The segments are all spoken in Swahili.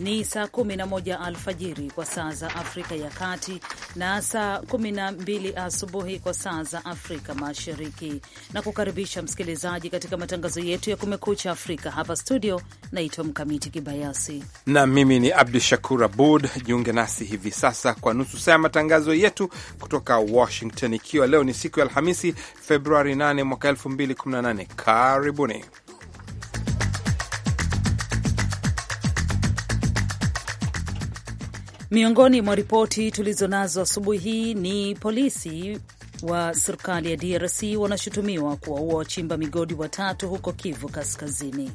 Ni saa 11 alfajiri kwa saa za Afrika ya Kati na saa 12 asubuhi kwa saa za Afrika Mashariki, na kukaribisha msikilizaji katika matangazo yetu ya Kumekucha Afrika. Hapa studio naitwa Mkamiti Kibayasi na mimi ni Abdu Shakur Abud. Jiunge nasi hivi sasa kwa nusu saa ya matangazo yetu kutoka Washington, ikiwa leo ni siku ya Alhamisi, Februari 8 mwaka 2018. Karibuni. Miongoni mwa ripoti tulizonazo asubuhi hii ni polisi wa serikali ya DRC wanashutumiwa kuwaua wachimba migodi watatu huko Kivu Kaskazini.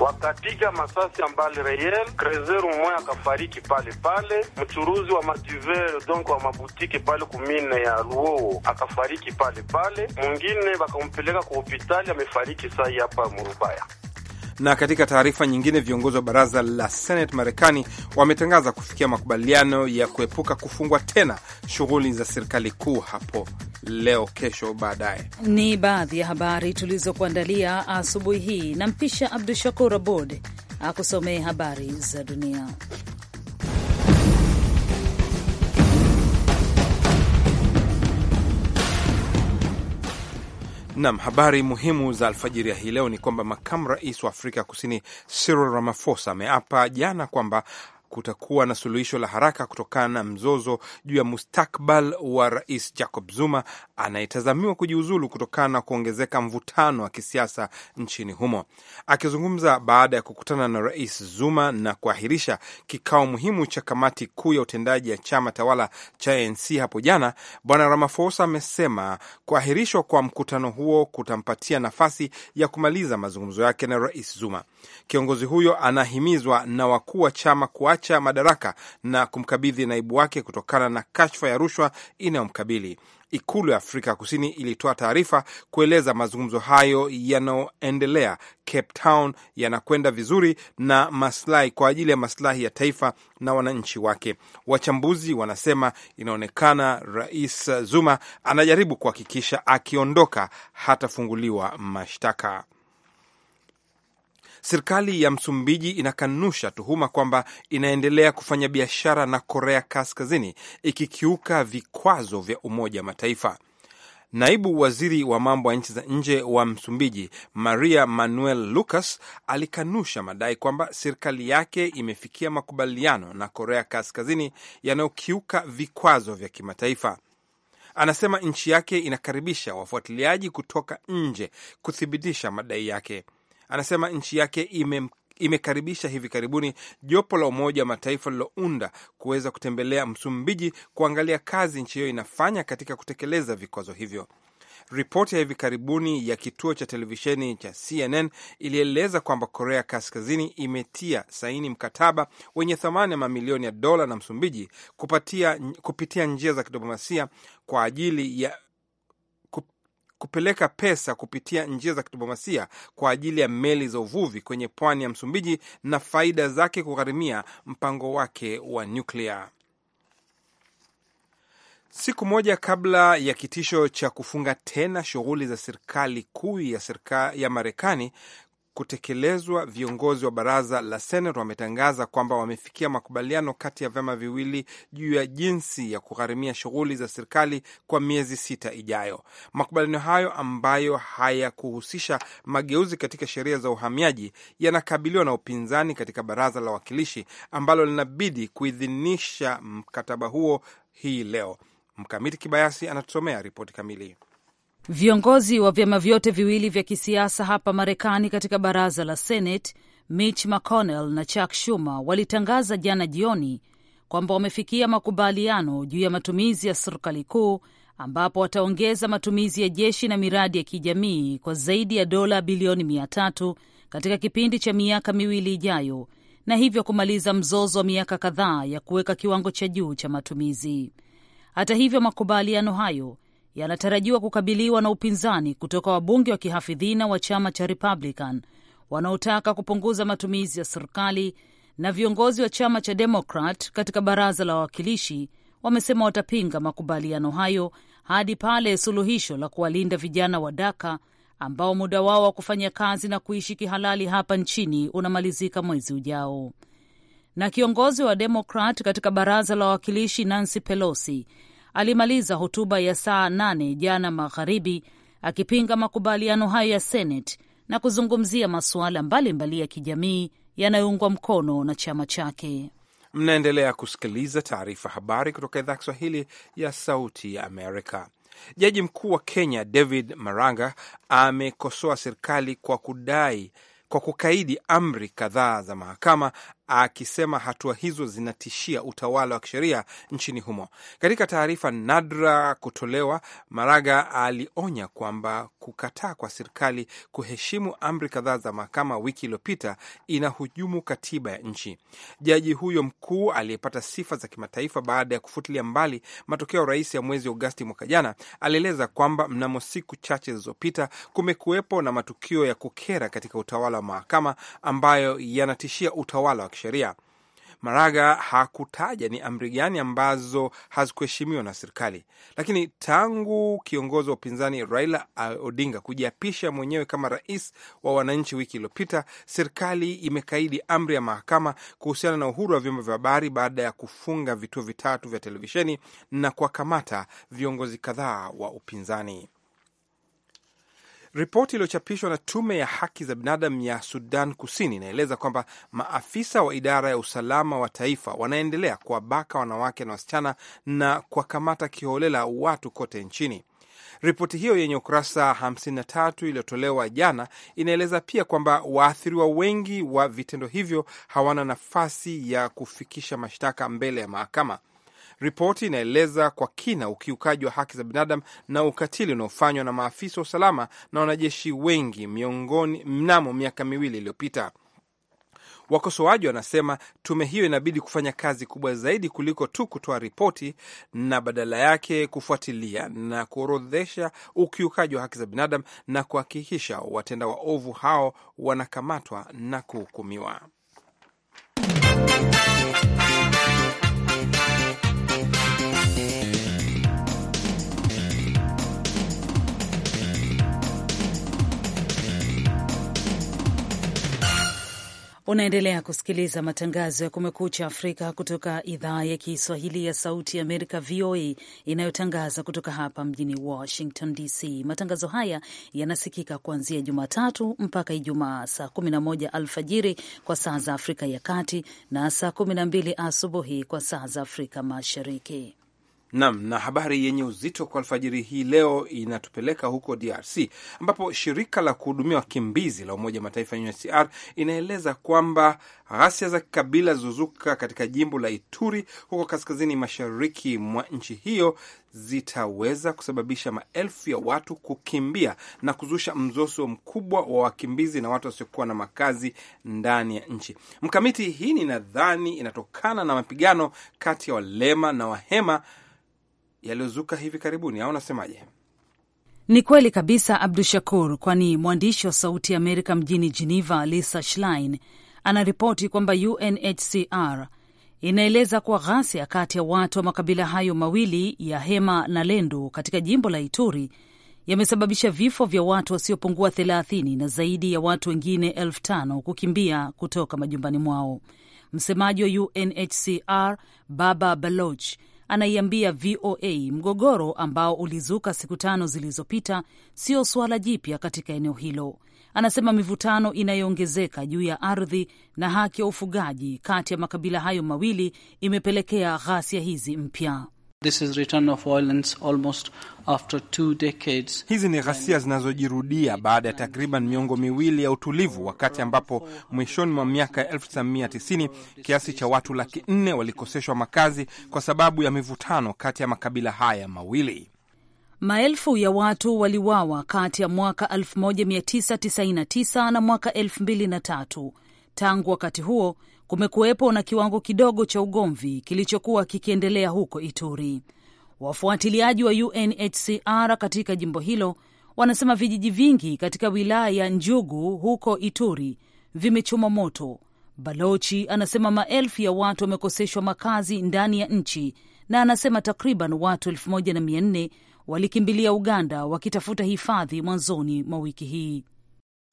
Wakatika masasi ambali reyel krezeru mmoja akafariki pale pale. Mchuruzi wa madiver donk wa mabutike pale kumine ya Luoo akafariki pale pale, mwingine wakampeleka kwa hopitali amefariki sai hapa Murubaya. Na katika taarifa nyingine, viongozi wa baraza la Senate Marekani wametangaza kufikia makubaliano ya kuepuka kufungwa tena shughuli za serikali kuu hapo leo kesho baadaye. Ni baadhi ya habari tulizokuandalia asubuhi hii. Nampisha Abdu Shakur Abod akusomee habari za dunia. Nam, habari muhimu za alfajiri ya hii leo ni kwamba makamu rais wa Afrika Kusini Cyril Ramaphosa ameapa jana kwamba kutakuwa na suluhisho la haraka kutokana na mzozo juu ya mustakbal wa Rais Jacob Zuma anayetazamiwa kujiuzulu kutokana na kuongezeka mvutano wa kisiasa nchini humo. Akizungumza baada ya kukutana na Rais Zuma na kuahirisha kikao muhimu cha kamati kuu ya utendaji ya chama tawala cha ANC hapo jana, Bwana Ramaphosa amesema kuahirishwa kwa mkutano huo kutampatia nafasi ya kumaliza mazungumzo yake na Rais Zuma. Kiongozi huyo anahimizwa na wakuu wa chama kuacha kuacha madaraka na kumkabidhi naibu wake kutokana na kashfa ya rushwa inayomkabili. Ikulu ya Afrika Kusini ilitoa taarifa kueleza mazungumzo hayo yanayoendelea Cape Town yanakwenda vizuri na maslahi kwa ajili ya maslahi ya taifa na wananchi wake. Wachambuzi wanasema inaonekana Rais Zuma anajaribu kuhakikisha akiondoka hatafunguliwa mashtaka. Serikali ya Msumbiji inakanusha tuhuma kwamba inaendelea kufanya biashara na Korea Kaskazini ikikiuka vikwazo vya Umoja wa Mataifa. Naibu waziri wa mambo ya nchi za nje wa Msumbiji, Maria Manuel Lucas, alikanusha madai kwamba serikali yake imefikia makubaliano na Korea Kaskazini yanayokiuka vikwazo vya kimataifa. Anasema nchi yake inakaribisha wafuatiliaji kutoka nje kuthibitisha madai yake anasema nchi yake ime imekaribisha hivi karibuni jopo la Umoja wa Mataifa lilounda kuweza kutembelea Msumbiji kuangalia kazi nchi hiyo inafanya katika kutekeleza vikwazo hivyo. Ripoti ya hivi karibuni ya kituo cha televisheni cha CNN ilieleza kwamba Korea Kaskazini imetia saini mkataba wenye thamani ya mamilioni ya dola na Msumbiji kupatia, kupitia njia za kidiplomasia kwa ajili ya kupeleka pesa kupitia njia za kidiplomasia kwa ajili ya meli za uvuvi kwenye pwani ya Msumbiji na faida zake kugharimia mpango wake wa nyuklia. Siku moja kabla ya kitisho cha kufunga tena shughuli za serikali kuu ya, ya Marekani kutekelezwa, viongozi wa baraza la senat wametangaza kwamba wamefikia makubaliano kati ya vyama viwili juu ya jinsi ya kugharimia shughuli za serikali kwa miezi sita ijayo. Makubaliano hayo ambayo hayakuhusisha mageuzi katika sheria za uhamiaji yanakabiliwa na upinzani katika baraza la wawakilishi ambalo linabidi kuidhinisha mkataba huo hii leo. Mkamiti Kibayasi anatusomea ripoti kamili. Viongozi wa vyama vyote viwili vya kisiasa hapa Marekani katika baraza la Senate, Mitch McConnell na Chuck Schumer walitangaza jana jioni kwamba wamefikia makubaliano juu ya matumizi ya serikali kuu ambapo wataongeza matumizi ya jeshi na miradi ya kijamii kwa zaidi ya dola bilioni mia tatu katika kipindi cha miaka miwili ijayo na hivyo kumaliza mzozo wa miaka kadhaa ya kuweka kiwango cha juu cha matumizi. Hata hivyo, makubaliano hayo yanatarajiwa kukabiliwa na upinzani kutoka wabunge wa kihafidhina wa chama cha Republican wanaotaka kupunguza matumizi ya serikali na viongozi wa chama cha Demokrat katika baraza la wawakilishi wamesema watapinga makubaliano hayo hadi pale suluhisho la kuwalinda vijana wa Daka ambao muda wao wa kufanya kazi na kuishi kihalali hapa nchini unamalizika mwezi ujao. Na kiongozi wa Demokrat katika baraza la wawakilishi Nancy Pelosi alimaliza hotuba ya saa nane jana magharibi akipinga makubaliano hayo ya Seneti na kuzungumzia masuala mbalimbali ya kijamii yanayoungwa mkono na chama chake. Mnaendelea kusikiliza taarifa habari kutoka idhaa Kiswahili ya Sauti ya Amerika. Jaji mkuu wa Kenya David Maranga amekosoa serikali kwa kudai kwa kukaidi amri kadhaa za mahakama akisema hatua hizo zinatishia utawala wa kisheria nchini humo. Katika taarifa nadra kutolewa, Maraga alionya kwamba kukataa kwa serikali kuheshimu amri kadhaa za mahakama wiki iliyopita inahujumu katiba ya nchi. Jaji huyo mkuu aliyepata sifa za kimataifa baada ya kufutilia mbali matokeo ya urais ya mwezi Agosti mwaka jana alieleza kwamba mnamo siku chache zilizopita kumekuwepo na matukio ya kukera katika utawala wa mahakama ambayo yanatishia utawala wa kisheria. Maraga hakutaja ni amri gani ambazo hazikuheshimiwa na serikali, lakini tangu kiongozi wa upinzani Raila Odinga kujiapisha mwenyewe kama rais wa wananchi wiki iliyopita, serikali imekaidi amri ya mahakama kuhusiana na uhuru wa vyombo vya habari baada ya kufunga vituo vitatu vya televisheni na kuwakamata viongozi kadhaa wa upinzani. Ripoti iliyochapishwa na tume ya haki za binadamu ya Sudan Kusini inaeleza kwamba maafisa wa idara ya usalama wa taifa wanaendelea kuwabaka wanawake na wasichana na kuwakamata kiholela watu kote nchini. Ripoti hiyo yenye ukurasa 53 iliyotolewa jana inaeleza pia kwamba waathiriwa wengi wa vitendo hivyo hawana nafasi ya kufikisha mashtaka mbele ya mahakama. Ripoti inaeleza kwa kina ukiukaji wa haki za binadamu na ukatili unaofanywa na maafisa wa usalama na wanajeshi wengi miongoni mnamo miaka miwili iliyopita. Wakosoaji wanasema tume hiyo inabidi kufanya kazi kubwa zaidi kuliko tu kutoa ripoti na badala yake kufuatilia na kuorodhesha ukiukaji wa haki za binadamu na kuhakikisha watenda waovu hao wanakamatwa na kuhukumiwa. Unaendelea kusikiliza matangazo ya Kumekucha Afrika kutoka idhaa ya Kiswahili ya Sauti ya Amerika, VOA, inayotangaza kutoka hapa mjini Washington DC. Matangazo haya yanasikika kuanzia Jumatatu mpaka Ijumaa saa 11 alfajiri kwa saa za Afrika ya Kati na saa 12 asubuhi kwa saa za Afrika Mashariki. Nam na habari yenye uzito kwa alfajiri hii leo inatupeleka huko DRC ambapo shirika la kuhudumia wakimbizi la Umoja wa Mataifa UNHCR inaeleza kwamba ghasia za kikabila zilizozuka katika jimbo la Ituri huko kaskazini mashariki mwa nchi hiyo zitaweza kusababisha maelfu ya watu kukimbia na kuzusha mzozo mkubwa wa wakimbizi na watu wasiokuwa na makazi ndani ya nchi. Mkamiti hii ni nadhani inatokana na mapigano kati ya walema na wahema yaliyozuka hivi karibuni, au unasemaje? Ni kweli kabisa, Abdu Shakur, kwani mwandishi wa Sauti ya Amerika mjini Geneva, Lisa Schlein, anaripoti kwamba UNHCR inaeleza kuwa ghasia kati ya watu wa makabila hayo mawili ya Hema na Lendu katika jimbo la Ituri yamesababisha vifo vya watu wasiopungua 30 na zaidi ya watu wengine elfu tano kukimbia kutoka majumbani mwao. Msemaji wa UNHCR Baba Baloch anaiambia VOA mgogoro ambao ulizuka siku tano zilizopita sio suala jipya katika eneo hilo. Anasema mivutano inayoongezeka juu ya ardhi na haki ya ufugaji kati ya makabila hayo mawili imepelekea ghasia hizi mpya. This is return of violence almost after two decades. Hizi ni ghasia zinazojirudia baada ya takriban miongo miwili ya utulivu, wakati ambapo mwishoni mwa miaka ya 1990 kiasi cha watu laki nne walikoseshwa makazi kwa sababu ya mivutano kati ya makabila haya mawili. Maelfu ya watu waliwawa kati ya mwaka 1999 na mwaka 2003. Tangu wakati huo kumekuwepo na kiwango kidogo cha ugomvi kilichokuwa kikiendelea huko Ituri. Wafuatiliaji wa UNHCR katika jimbo hilo wanasema vijiji vingi katika wilaya ya Njugu huko Ituri vimechoma moto. Balochi anasema maelfu ya watu wamekoseshwa makazi ndani ya nchi, na anasema takriban watu elfu moja na mia nne walikimbilia Uganda wakitafuta hifadhi mwanzoni mwa wiki hii.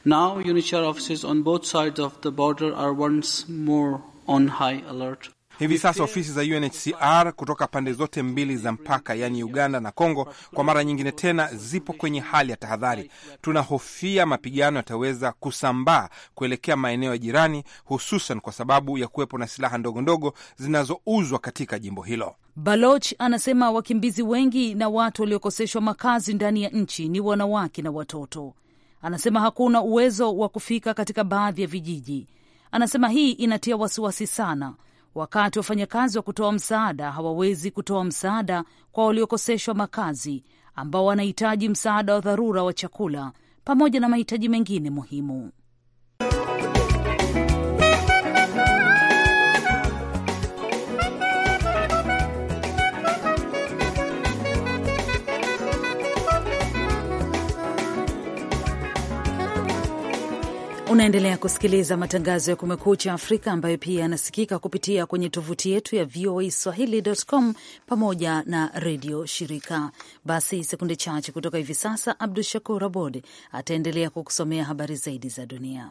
Now, UNHCR offices on both sides of the border are once more on high alert. Hivi sasa ofisi za UNHCR kutoka pande zote mbili za mpaka, yaani Uganda na Kongo, kwa mara nyingine tena zipo kwenye hali ya tahadhari. Tunahofia mapigano yataweza kusambaa kuelekea maeneo ya jirani, hususan kwa sababu ya kuwepo na silaha ndogo ndogo zinazouzwa katika jimbo hilo. Baloch anasema wakimbizi wengi na watu waliokoseshwa makazi ndani ya nchi ni wanawake na watoto. Anasema hakuna uwezo wa kufika katika baadhi ya vijiji. Anasema hii inatia wasiwasi sana, wakati wafanyakazi wa kutoa msaada hawawezi kutoa msaada kwa waliokoseshwa makazi ambao wanahitaji msaada wa dharura wa chakula pamoja na mahitaji mengine muhimu. Unaendelea kusikiliza matangazo ya Kumekucha Afrika ambayo pia yanasikika kupitia kwenye tovuti yetu ya VOA Swahili.com pamoja na redio shirika. Basi sekunde chache kutoka hivi sasa, Abdu Shakur Abod ataendelea kukusomea habari zaidi za dunia.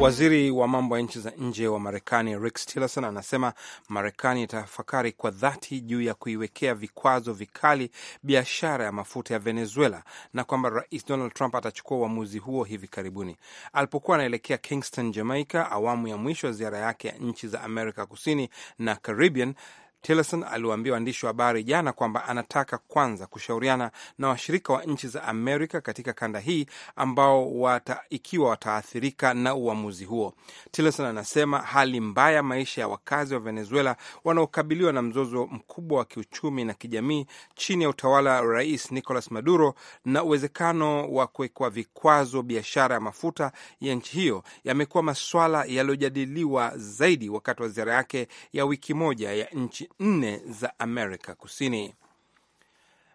Waziri wa mambo ya nchi za nje wa Marekani Rex Tillerson anasema Marekani itafakari kwa dhati juu ya kuiwekea vikwazo vikali biashara ya mafuta ya Venezuela na kwamba Rais Donald Trump atachukua uamuzi huo hivi karibuni. Alipokuwa anaelekea Kingston, Jamaica, awamu ya mwisho ya ziara yake ya nchi za Amerika Kusini na Caribbean, Tillerson aliwaambia waandishi wa habari jana kwamba anataka kwanza kushauriana na washirika wa nchi za Amerika katika kanda hii ambao wata, ikiwa wataathirika na uamuzi huo. Tillerson anasema hali mbaya maisha ya wakazi wa Venezuela wanaokabiliwa na mzozo mkubwa wa kiuchumi na kijamii chini ya utawala wa Rais Nicolas Maduro na uwezekano wa kuwekwa vikwazo biashara ya mafuta ya nchi hiyo yamekuwa maswala yaliyojadiliwa zaidi wakati wa ziara yake ya wiki moja ya nchi nne za Amerika Kusini.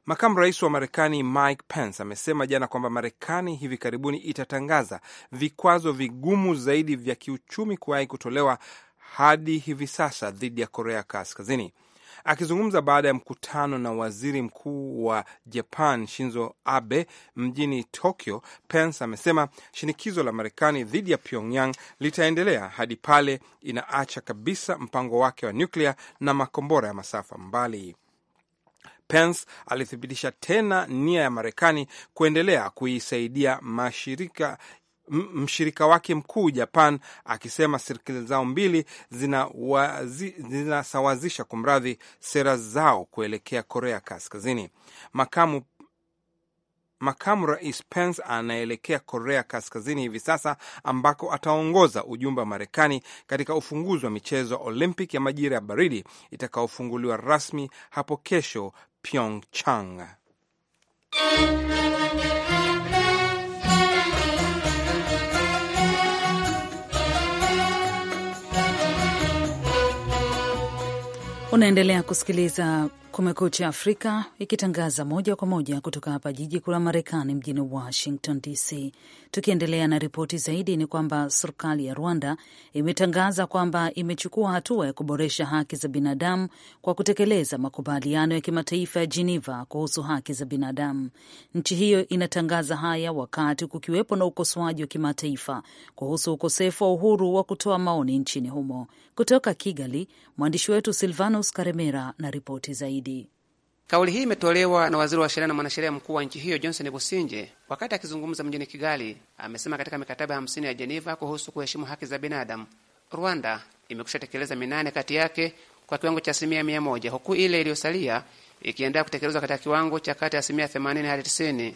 Makamu rais wa Marekani Mike Pence amesema jana kwamba Marekani hivi karibuni itatangaza vikwazo vigumu zaidi vya kiuchumi kuwahi kutolewa hadi hivi sasa dhidi ya Korea Kaskazini. Akizungumza baada ya mkutano na waziri mkuu wa Japan Shinzo Abe mjini Tokyo, Pence amesema shinikizo la Marekani dhidi ya Pyongyang litaendelea hadi pale inaacha kabisa mpango wake wa nyuklia na makombora ya masafa mbali. Pence alithibitisha tena nia ya Marekani kuendelea kuisaidia mashirika mshirika wake mkuu Japan, akisema serikali zao mbili zinasawazisha zina kumradhi sera zao kuelekea Korea Kaskazini. Makamu Makamu Rais Pence anaelekea Korea Kaskazini hivi sasa ambako ataongoza ujumbe wa Marekani katika ufunguzi wa michezo ya Olympic ya majira ya baridi itakaofunguliwa rasmi hapo kesho Pyeongchang. Unaendelea kusikiliza Kumekucha Afrika ikitangaza moja kwa moja kutoka hapa jiji kuu la Marekani, mjini Washington DC. Tukiendelea na ripoti zaidi, ni kwamba serikali ya Rwanda imetangaza kwamba imechukua hatua ya kuboresha haki za binadamu kwa kutekeleza makubaliano ya kimataifa ya Geneva kuhusu haki za binadamu. Nchi hiyo inatangaza haya wakati kukiwepo na ukosoaji wa kimataifa kuhusu ukosefu wa uhuru wa kutoa maoni nchini humo. Kutoka Kigali, mwandishi wetu Silvanus Karemera na ripoti zaidi zaidi. Kauli hii imetolewa na waziri wa sheria na mwanasheria mkuu wa nchi hiyo Johnson Businje wakati akizungumza mjini Kigali. Amesema katika mikataba 50 ya Jeneva kuhusu kuheshimu haki za binadamu, Rwanda imekwisha tekeleza minane kati yake kwa kiwango cha asilimia mia moja huku ile iliyosalia ikiendelea kutekelezwa katika kiwango cha kati ya asilimia themanini hadi 90.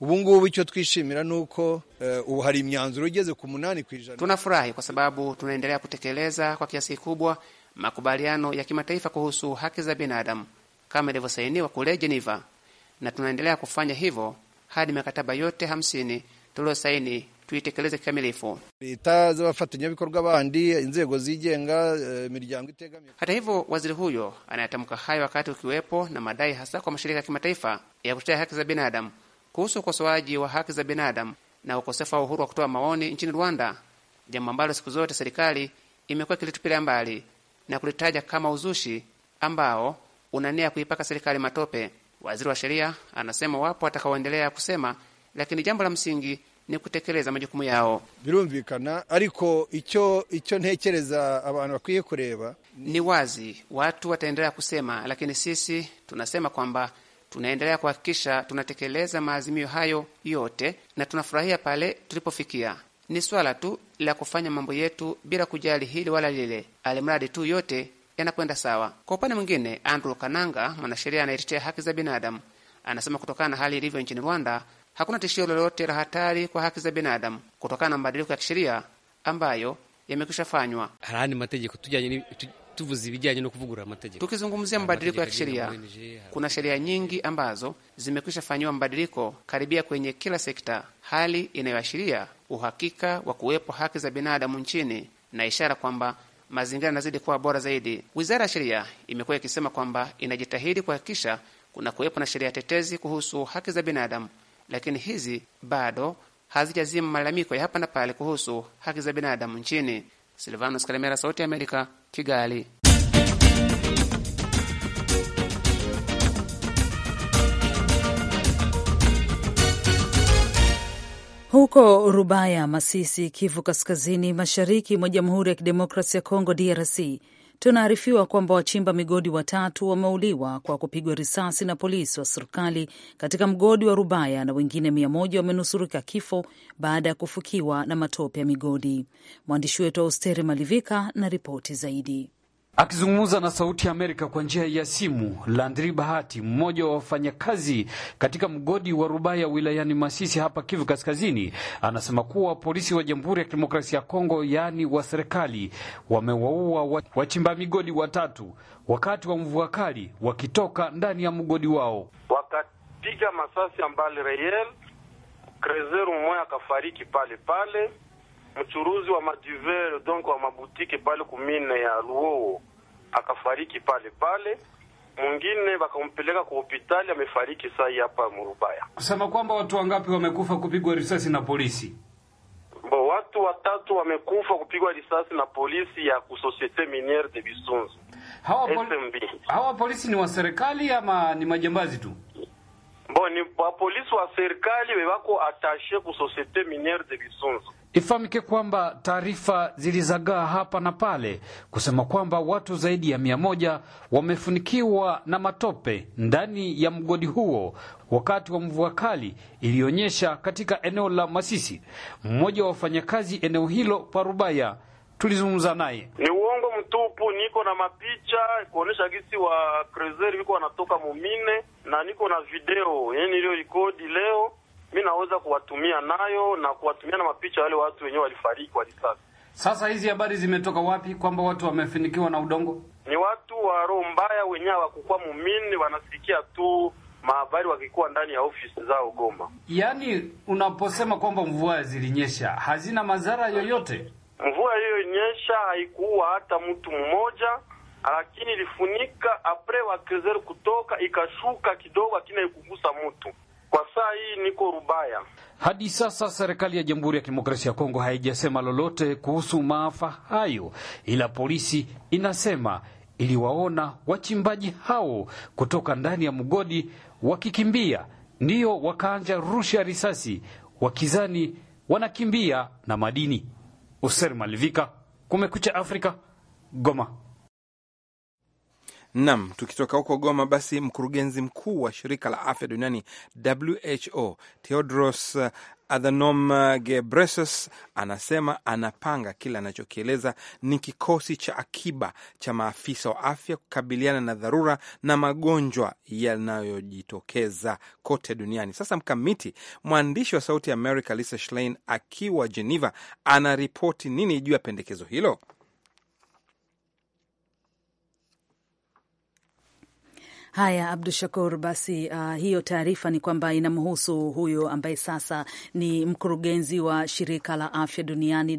Ubungubu icyo twishimira nuko eh, ubu hari imyanzuro igeze ku munani ku ijana. Tunafurahi kwa sababu tunaendelea kutekeleza kwa kiasi kikubwa makubaliano ya kimataifa kuhusu haki za binadamu kama ilivyosainiwa kule Geneva, na tunaendelea kufanya hivyo hadi mikataba yote hamsini tuliosaini tuitekeleze kikamilifu. Eh, Hata hivyo, waziri huyo anayatamka hayo wakati ukiwepo na madai hasa kwa mashirika ya kimataifa ya kutetea haki za binadamu kuhusu ukosoaji wa haki za binadamu na ukosefu wa uhuru wa kutoa maoni nchini Rwanda, jambo ambalo siku zote serikali imekuwa ikilitupilia mbali na kulitaja kama uzushi ambao unania kuipaka serikali matope. Waziri wa sheria anasema wapo watakaoendelea kusema, lakini jambo la msingi ni kutekeleza majukumu yao. birumvikana ariko icho icho ntekereza abantu bakwiye kureba. Ni wazi watu wataendelea kusema, lakini sisi tunasema kwamba tunaendelea kuhakikisha tunatekeleza maazimio hayo yote, na tunafurahia pale tulipofikia. Ni swala tu la kufanya mambo yetu bila kujali hili wala lile, alimradi tu yote yanakwenda sawa. Kwa upande mwingine, Andrew Kananga, mwanasheria anayetetea haki za binadamu, anasema kutokana na hali ilivyo nchini Rwanda hakuna tishio lolote la hatari kwa haki za binadamu kutokana na mabadiliko ya kisheria ambayo yamekwisha fanywa. Tukizungumzia mabadiliko ya kisheria, kuna sheria nyingi ambazo zimekwisha fanyiwa mabadiliko karibia kwenye kila sekta, hali inayoashiria uhakika wa kuwepo haki za binadamu nchini na ishara kwamba mazingira yanazidi kuwa bora zaidi. Wizara ya Sheria imekuwa ikisema kwamba inajitahidi kuhakikisha kuna kuwepo na sheria tetezi kuhusu haki za binadamu, lakini hizi bado hazijazima malalamiko ya hapa na pale kuhusu haki za binadamu nchini. Silvanus Kalemera, Sauti ya Amerika, Kigali. Huko Rubaya, Masisi, Kivu Kaskazini, mashariki mwa Jamhuri ya Kidemokrasi ya Kongo, DRC, tunaarifiwa kwamba wachimba migodi watatu wameuliwa kwa kupigwa risasi na polisi wa serikali katika mgodi wa Rubaya na wengine mia moja wamenusurika kifo baada ya kufukiwa na matope ya migodi. Mwandishi wetu Austeri Malivika na ripoti zaidi. Akizungumza na Sauti ya Amerika kwa njia ya simu, Landri Bahati, mmoja wa wafanyakazi katika mgodi wa Rubaya wilayani Masisi hapa Kivu Kaskazini, anasema kuwa polisi wa Jamhuri ya Kidemokrasia ya Kongo, yaani wa serikali, wamewaua wachimba migodi watatu wakati wa mvua kali wakitoka ndani ya mgodi wao, wakapiga masasi ambale reyel krezeru mmoja akafariki pale pale mchuruzi wa maduvel donc wa mabutike pale kumine ya Luoo akafariki pale pale. Mwingine bakampeleka kwa hospitali, amefariki sai hapa Murubaya. Kusema kwamba watu wangapi wamekufa kupigwa risasi na polisi? Bo, watu watatu wamekufa kupigwa risasi na polisi ya kusosiete miniere de Bisunzu. Hawa, poli, hawa polisi ni wa serikali ama ni majambazi tu? Bon, ni wapolisi wa serikali wako atashe ku Societe Miniere de Bisunzu. Ifahamike kwamba taarifa zilizagaa hapa na pale kusema kwamba watu zaidi ya mia moja wamefunikiwa na matope ndani ya mgodi huo wakati wa mvua kali ilionyesha katika eneo la Masisi. Mmoja wa wafanyakazi eneo hilo Parubaya tulizungumza naye ni grupu niko na mapicha kuonesha gisi wa krezeri wiko wanatoka mumine, na niko na video yeni iliyo ikodi leo, mi naweza kuwatumia nayo na kuwatumia na mapicha wale watu wenyewe walifariki walisasa. Sasa hizi habari zimetoka wapi kwamba watu wamefinikiwa na udongo? Ni watu wa roho mbaya wenyewe hawakukuwa mumini, wanasikia tu mahabari wakikuwa ndani ya ofisi zao Goma. Yaani unaposema kwamba mvua zilinyesha hazina madhara yoyote Mvua iliyonyesha haikuua hata mtu mmoja, lakini ilifunika apre wa kutoka ikashuka kidogo, lakini haikugusa mtu. Kwa saa hii niko Rubaya. Hadi sasa serikali ya Jamhuri ya Kidemokrasia ya Kongo haijasema lolote kuhusu maafa hayo, ila polisi inasema iliwaona wachimbaji hao kutoka ndani ya mgodi wakikimbia, ndiyo wakaanja rusha risasi wakizani wanakimbia na madini. Oser Malivika, Kumekucha Afrika, Goma. Nam, tukitoka huko Goma, basi mkurugenzi mkuu wa shirika la afya duniani WHO Theodros uh, Adhanom uh, Ghebreyesus anasema anapanga kile anachokieleza ni kikosi cha akiba cha maafisa wa afya kukabiliana na dharura na magonjwa yanayojitokeza kote duniani. Sasa mkamiti, mwandishi wa Sauti ya America Lisa Schlein akiwa Geneva anaripoti nini juu ya pendekezo hilo? Haya, Abdu Shakur, basi uh, hiyo taarifa ni kwamba inamhusu huyo ambaye sasa ni mkurugenzi wa shirika la afya duniani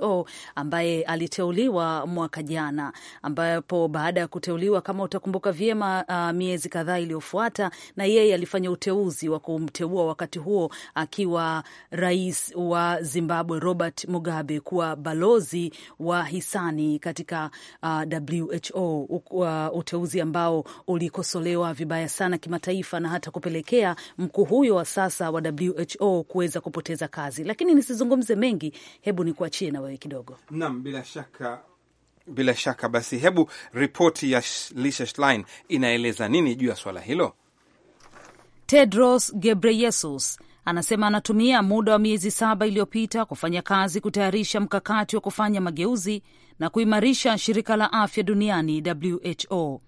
WHO, ambaye aliteuliwa mwaka jana, ambapo baada ya kuteuliwa, kama utakumbuka vyema, uh, miezi kadhaa iliyofuata, na yeye alifanya uteuzi wa kumteua wakati huo akiwa rais wa Zimbabwe Robert Mugabe kuwa balozi wa hisani katika uh, WHO, uh, uteuzi ambao uliko amekosolewa vibaya sana kimataifa na hata kupelekea mkuu huyo wa sasa wa WHO kuweza kupoteza kazi, lakini nisizungumze mengi, hebu nikuachie na wewe kidogo. Naam, bila shaka bila shaka. Basi hebu ripoti ya Lisa Schlein inaeleza nini juu ya swala hilo? Tedros Gebreyesus anasema anatumia muda wa miezi saba iliyopita kufanya kazi kutayarisha mkakati wa kufanya mageuzi na kuimarisha shirika la afya duniani WHO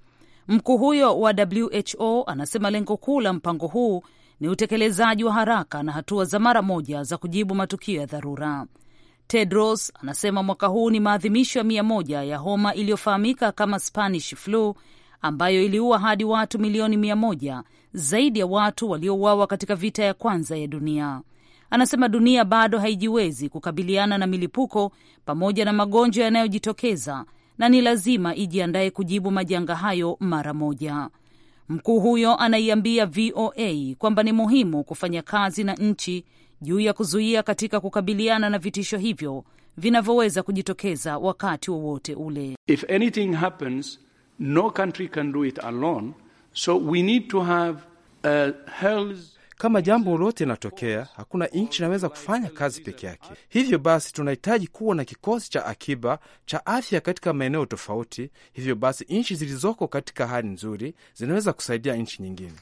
Mkuu huyo wa WHO anasema lengo kuu la mpango huu ni utekelezaji wa haraka na hatua za mara moja za kujibu matukio ya dharura. Tedros anasema mwaka huu ni maadhimisho ya mia moja ya homa iliyofahamika kama Spanish flu ambayo iliua hadi watu milioni mia moja, zaidi ya watu waliouawa katika vita ya kwanza ya dunia. Anasema dunia bado haijiwezi kukabiliana na milipuko pamoja na magonjwa yanayojitokeza na ni lazima ijiandae kujibu majanga hayo mara moja. Mkuu huyo anaiambia VOA kwamba ni muhimu kufanya kazi na nchi juu ya kuzuia katika kukabiliana na vitisho hivyo vinavyoweza kujitokeza wakati wowote ule. If anything happens, no country can do it alone, so we need to have a uh, health kama jambo lolote linatokea, hakuna nchi inaweza kufanya kazi peke yake. Hivyo basi, tunahitaji kuwa na kikosi cha akiba cha afya katika maeneo tofauti. Hivyo basi, nchi zilizoko katika hali nzuri zinaweza kusaidia nchi nyingine.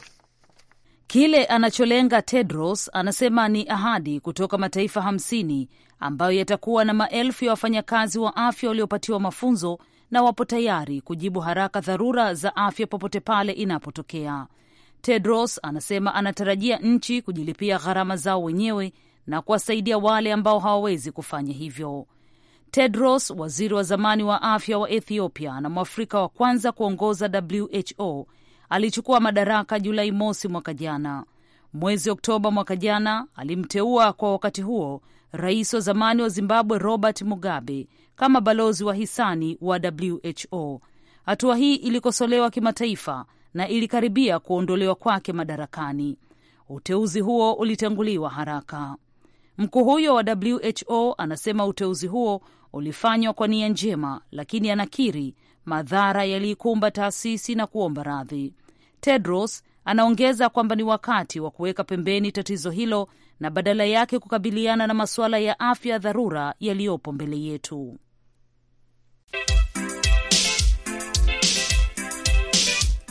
Kile anacholenga Tedros anasema ni ahadi kutoka mataifa hamsini ambayo yatakuwa na maelfu ya wafanyakazi wa afya waliopatiwa mafunzo na wapo tayari kujibu haraka dharura za afya popote pale inapotokea. Tedros anasema anatarajia nchi kujilipia gharama zao wenyewe na kuwasaidia wale ambao hawawezi kufanya hivyo. Tedros, waziri wa zamani wa afya wa Ethiopia na Mwafrika wa kwanza kuongoza WHO, alichukua madaraka Julai mosi mwaka jana. Mwezi Oktoba mwaka jana alimteua kwa wakati huo rais wa zamani wa Zimbabwe Robert Mugabe kama balozi wa hisani wa WHO. Hatua hii ilikosolewa kimataifa na ilikaribia kuondolewa kwake madarakani. Uteuzi huo ulitanguliwa haraka. Mkuu huyo wa WHO anasema uteuzi huo ulifanywa kwa nia njema, lakini anakiri madhara yaliikumba taasisi na kuomba radhi. Tedros anaongeza kwamba ni wakati wa kuweka pembeni tatizo hilo na badala yake kukabiliana na masuala ya afya dharura yaliyopo mbele yetu.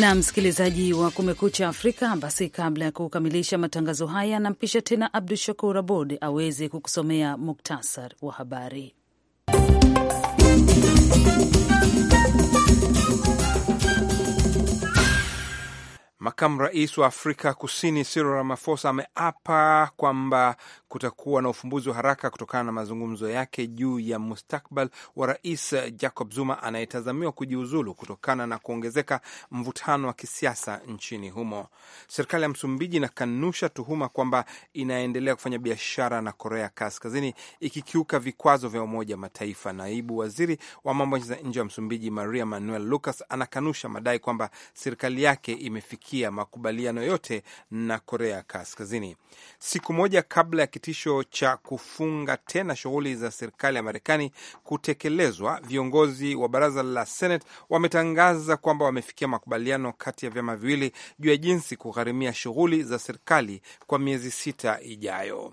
na msikilizaji wa Kumekucha Afrika. Basi, kabla ya kukamilisha matangazo haya, nampisha tena Abdu Shakur Abod aweze kukusomea muktasar wa habari. Makamu rais wa Afrika Kusini Cyril Ramaphosa ameapa kwamba kutakuwa na ufumbuzi wa haraka kutokana na mazungumzo yake juu ya mustakbal wa rais Jacob Zuma anayetazamiwa kujiuzulu kutokana na kuongezeka mvutano wa kisiasa nchini humo. Serikali ya Msumbiji inakanusha tuhuma kwamba inaendelea kufanya biashara na Korea Kaskazini ikikiuka vikwazo vya Umoja wa Mataifa. Naibu waziri wa mambo ya nje wa Msumbiji Maria Manuel Lucas anakanusha madai kwamba serikali yake imefikia makubaliano yote na Korea Kaskazini siku moja kabla ya kitisho cha kufunga tena shughuli za serikali ya Marekani kutekelezwa, viongozi wa baraza la Senate wametangaza kwamba wamefikia makubaliano kati ya vyama viwili juu ya jinsi kugharimia shughuli za serikali kwa miezi sita ijayo.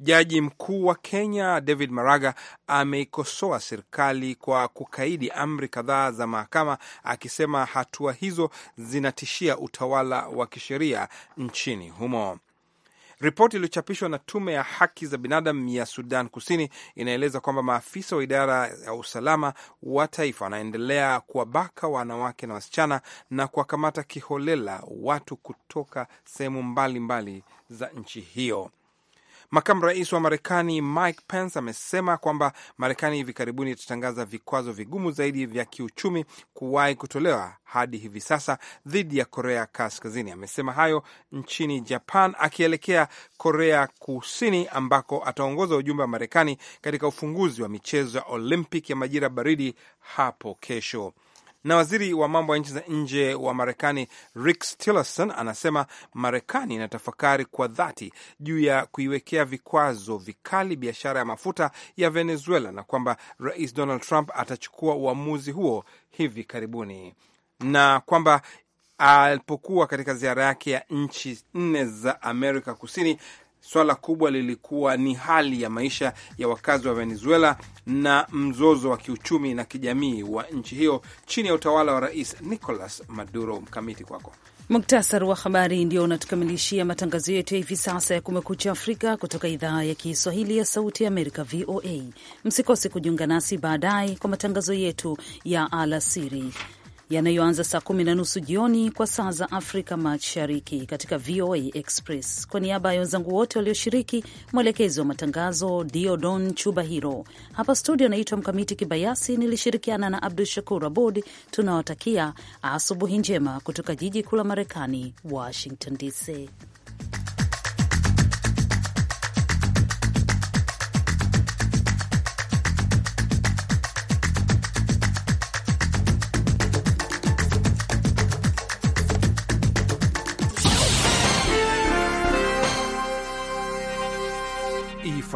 Jaji mkuu wa Kenya David Maraga ameikosoa serikali kwa kukaidi amri kadhaa za mahakama, akisema hatua hizo zinatishia utawala wa kisheria nchini humo. Ripoti iliyochapishwa na tume ya haki za binadamu ya Sudan Kusini inaeleza kwamba maafisa wa idara ya usalama wa taifa wanaendelea kuwabaka wanawake na wasichana na kuwakamata kiholela watu kutoka sehemu mbalimbali za nchi hiyo. Makamu rais wa Marekani Mike Pence amesema kwamba Marekani hivi karibuni itatangaza vikwazo vigumu zaidi vya kiuchumi kuwahi kutolewa hadi hivi sasa dhidi ya Korea Kaskazini. Amesema hayo nchini Japan akielekea Korea Kusini, ambako ataongoza ujumbe wa Marekani katika ufunguzi wa michezo ya Olympic ya majira baridi hapo kesho. Na waziri wa mambo ya nchi za nje wa Marekani Rick Tillerson anasema Marekani inatafakari kwa dhati juu ya kuiwekea vikwazo vikali biashara ya mafuta ya Venezuela na kwamba Rais Donald Trump atachukua uamuzi huo hivi karibuni na kwamba alipokuwa katika ziara yake ya nchi nne za Amerika Kusini swala kubwa lilikuwa ni hali ya maisha ya wakazi wa Venezuela na mzozo wa kiuchumi na kijamii wa nchi hiyo chini ya utawala wa Rais Nicolas Maduro. Mkamiti kwako. Muktasar wa habari ndio unatukamilishia matangazo yetu ya hivi sasa ya Kumekucha Afrika kutoka idhaa ya Kiswahili ya Sauti ya Amerika, VOA. Msikose kujiunga nasi baadaye kwa matangazo yetu ya alasiri yanayoanza saa kumi na nusu jioni kwa saa za Afrika Mashariki katika VOA Express. Kwa niaba ya wenzangu wote walioshiriki, mwelekezi wa matangazo Diodon Chuba Hiro, hapa studio anaitwa Mkamiti Kibayasi, nilishirikiana na Abdu Shakur Abud. Tunawatakia asubuhi njema kutoka jiji kuu la Marekani, Washington DC.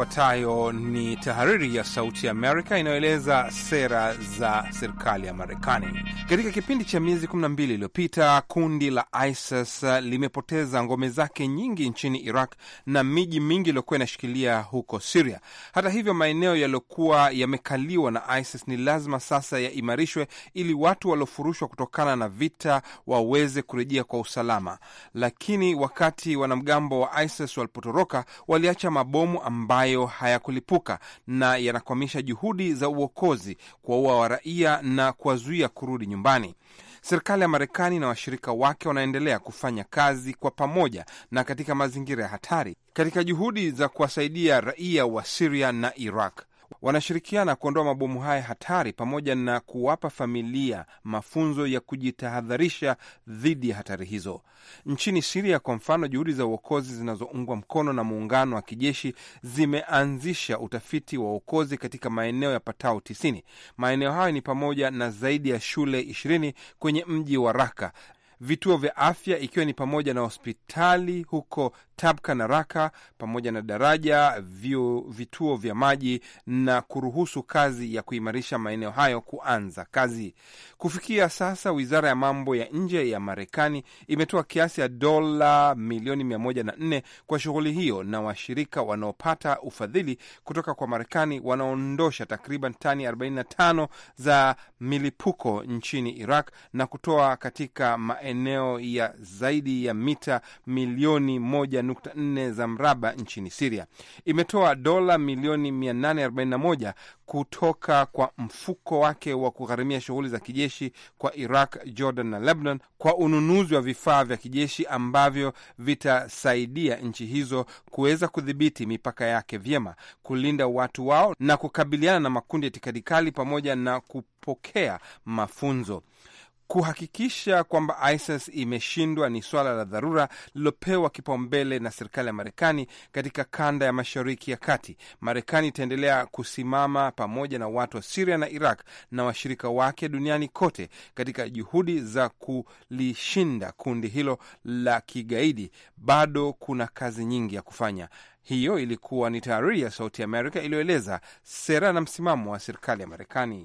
Ifuatayo ni tahariri ya Sauti ya Amerika inayoeleza sera za serikali ya Marekani. Katika kipindi cha miezi 12 iliyopita, kundi la ISIS limepoteza ngome zake nyingi nchini Iraq na miji mingi iliyokuwa inashikilia huko Siria. Hata hivyo, maeneo yaliyokuwa yamekaliwa na ISIS ni lazima sasa yaimarishwe ili watu waliofurushwa kutokana na vita waweze kurejea kwa usalama. Lakini wakati wanamgambo wa ISIS walipotoroka, waliacha mabomu ambayo ambayo hayakulipuka na yanakwamisha juhudi za uokozi, kuwaua wa raia na kuwazuia kurudi nyumbani. Serikali ya Marekani na washirika wake wanaendelea kufanya kazi kwa pamoja na katika mazingira ya hatari katika juhudi za kuwasaidia raia wa Siria na Iraq wanashirikiana kuondoa mabomu haya hatari pamoja na kuwapa familia mafunzo ya kujitahadharisha dhidi ya hatari hizo. Nchini Siria kwa mfano, juhudi za uokozi zinazoungwa mkono na muungano wa kijeshi zimeanzisha utafiti wa uokozi katika maeneo ya patao tisini. Maeneo hayo ni pamoja na zaidi ya shule ishirini kwenye mji wa Raka vituo vya afya ikiwa ni pamoja na hospitali huko Tabka na Raka pamoja na daraja, vituo vya maji na kuruhusu kazi ya kuimarisha maeneo hayo kuanza kazi. Kufikia sasa, wizara ya mambo ya nje ya Marekani imetoa kiasi ya dola milioni nne kwa shughuli hiyo, na washirika wanaopata ufadhili kutoka kwa Marekani wanaondosha takriban tani 45 za milipuko nchini Iraq na kutoa katika maeneo eneo ya zaidi ya mita milioni 1.4 za mraba nchini Siria. Imetoa dola milioni 841 kutoka kwa mfuko wake wa kugharimia shughuli za kijeshi kwa Iraq, Jordan na Lebanon kwa ununuzi wa vifaa vya kijeshi ambavyo vitasaidia nchi hizo kuweza kudhibiti mipaka yake vyema, kulinda watu wao na kukabiliana na makundi ya itikadi kali pamoja na kupokea mafunzo. Kuhakikisha kwamba ISIS imeshindwa ni swala la dharura lililopewa kipaumbele na serikali ya Marekani katika kanda ya mashariki ya kati. Marekani itaendelea kusimama pamoja na watu wa Siria na Iraq na washirika wake duniani kote katika juhudi za kulishinda kundi hilo la kigaidi. Bado kuna kazi nyingi ya kufanya. Hiyo ilikuwa ni tahariri ya Sauti ya Amerika iliyoeleza sera na msimamo wa serikali ya Marekani.